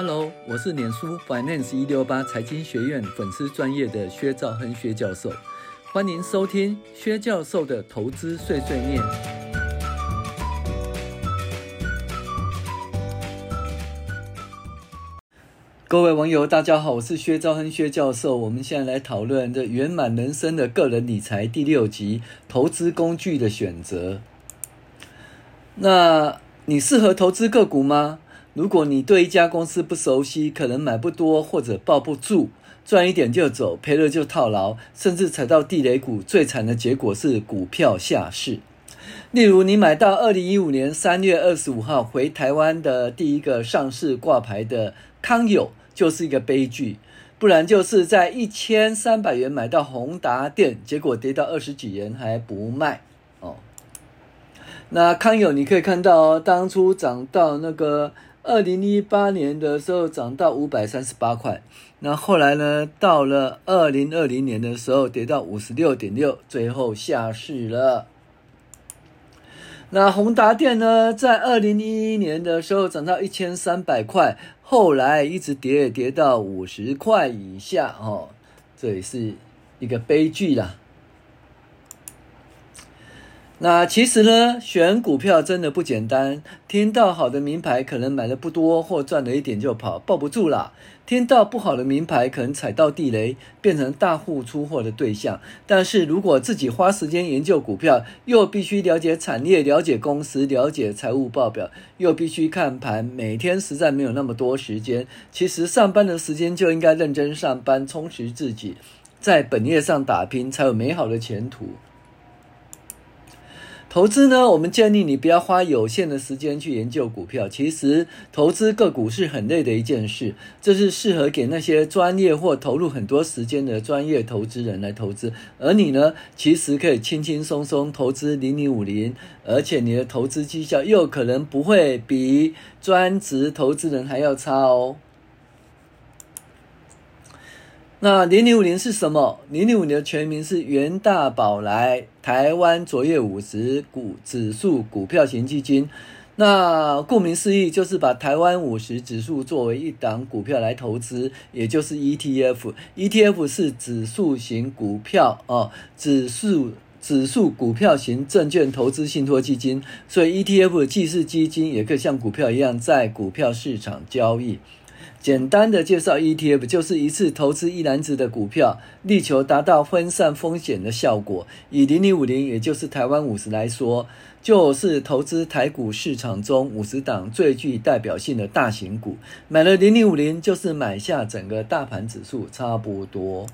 Hello，我是臉書 Finance 一六八財經學院粉絲專業的薛兆亨薛教授，歡迎收聽薛教授的投資碎碎念。各位網友，大家好，我是薛兆亨薛教授。我們現在來討論這《圓滿人生的個人理財》第六集投資工具的選擇。那你適合投資個股嗎？如果你對一家公司不熟悉，可能買不多或者抱不住，賺一點就走，賠了就套牢，甚至踩到地雷股。最慘的結果是股票下市。例如，你買到二零一五年三月二十五號回台灣的第一個上市掛牌的康友，就是一個悲劇。不然就是在一千三百元買到宏達電，結果跌到二十幾元還不賣哦。那康友你可以看到，當初漲到那個。二零一八年的時候漲到五百三十八塊，那後來呢？到了二零二零年的時候跌到五十六點六，最後下市了。那宏達電呢，在二零一一年的時候漲到一千三百塊，後來一直跌跌到五十塊以下哦，這也是一個悲劇啦。那其實呢，選股票真的不簡單。聽到好的明牌，可能買得不多或賺了一點就跑，抱不住啦；聽到不好的明牌，可能踩到地雷，變成大戶出貨的對象。但是如果自己花時間研究股票，又必須了解產業、了解公司、了解財務報表，又必須看盤，每天實在沒有那麼多時間。其實上班的時間就應該認真上班，充實自己，在本業上打拼，才有美好的前途。投資呢，我們建議你不要花有限的時間去研究股票。其實投資個股是很累的一件事，這是適合給那些專業或投入很多時間的專業投資人來投資。而你呢，其實可以輕輕鬆鬆投資0050，而且你的投資績效又可能不會比專職投資人還要差哦。那零零五零是什麼？零零五零的全名是元大寶來台灣卓越五十股指數股票型基金。那顧名思義，就是把台灣五十指數作為一檔股票來投資，也就是 ETF。ETF 是指數型股票，指數指數股票型證券投資信託基金。所以 ETF 既是基金，也可以像股票一樣在股票市場交易。簡單的介紹 ETF 就是一次投資一籃子的股票，力求達到分散風險的效果。以0050，也就是台灣50來說，就是投資台股市場中50檔最具代表性的大型股。買了0050，就是買下整個大盤指數差不多。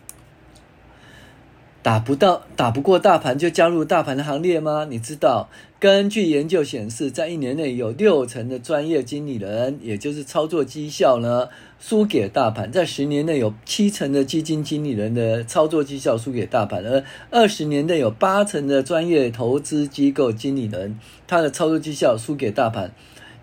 打不到、打不過大盤，就加入大盤的行列嗎？你知道，根據研究顯示，在一年內有六成的專業經理人，也就是操作績效呢，輸給大盤；在十年內有七成的基金經理人的操作績效輸給大盤；而二十年內有八成的專業投資機構經理人，他的操作績效輸給大盤。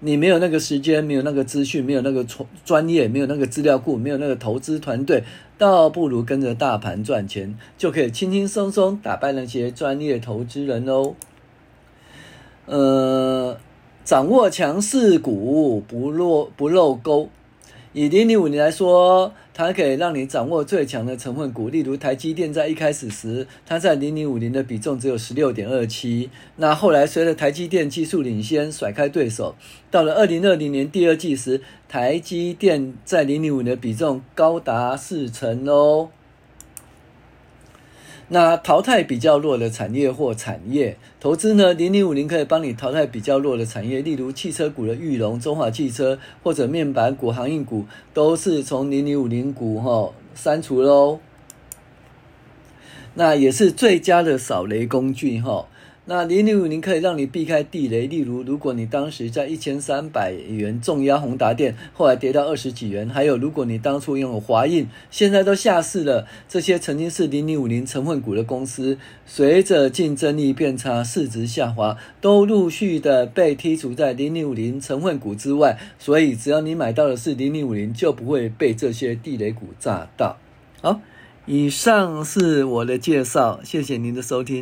你沒有那個時間，沒有那個資訊，沒有那個專專業，沒有那個資料庫，沒有那個投資團隊，倒不如跟着大盤賺錢，就可以輕輕鬆鬆打敗那些專業投資人囉。呃，掌握強勢股，不落不漏勾，以零零五年來說。它可以讓你掌握最強的成分股，例如台積電在一開始時，它在零零五零的比重只有十六點二七，那後來隨着台積電技術領先，甩開對手，到了二零二零年第二季時，台積電在零零五零的比重高達四成哦。那淘汰比較弱的產業或產業投資呢？零零五零可以幫你淘汰比較弱的產業，例如汽車股的裕隆、中華汽車，或者面板股、航運股都是從零零五零股哈、哦、刪除嘍、哦。那也是最佳的掃雷工具哈、哦。那零零五零可以讓你避開地雷，例如，如果你當時在一千三百元重壓宏達電，後來跌到二十幾元；還有，如果你當初擁有華映，現在都下市了。這些曾經是零零五零成分股的公司，隨着競爭力變差、市值下滑，都陸續的被剔除在零零五零成分股之外。所以，只要你買到的是零零五零，就不會被這些地雷股炸到。好，以上是我的介紹，謝謝您的收聽。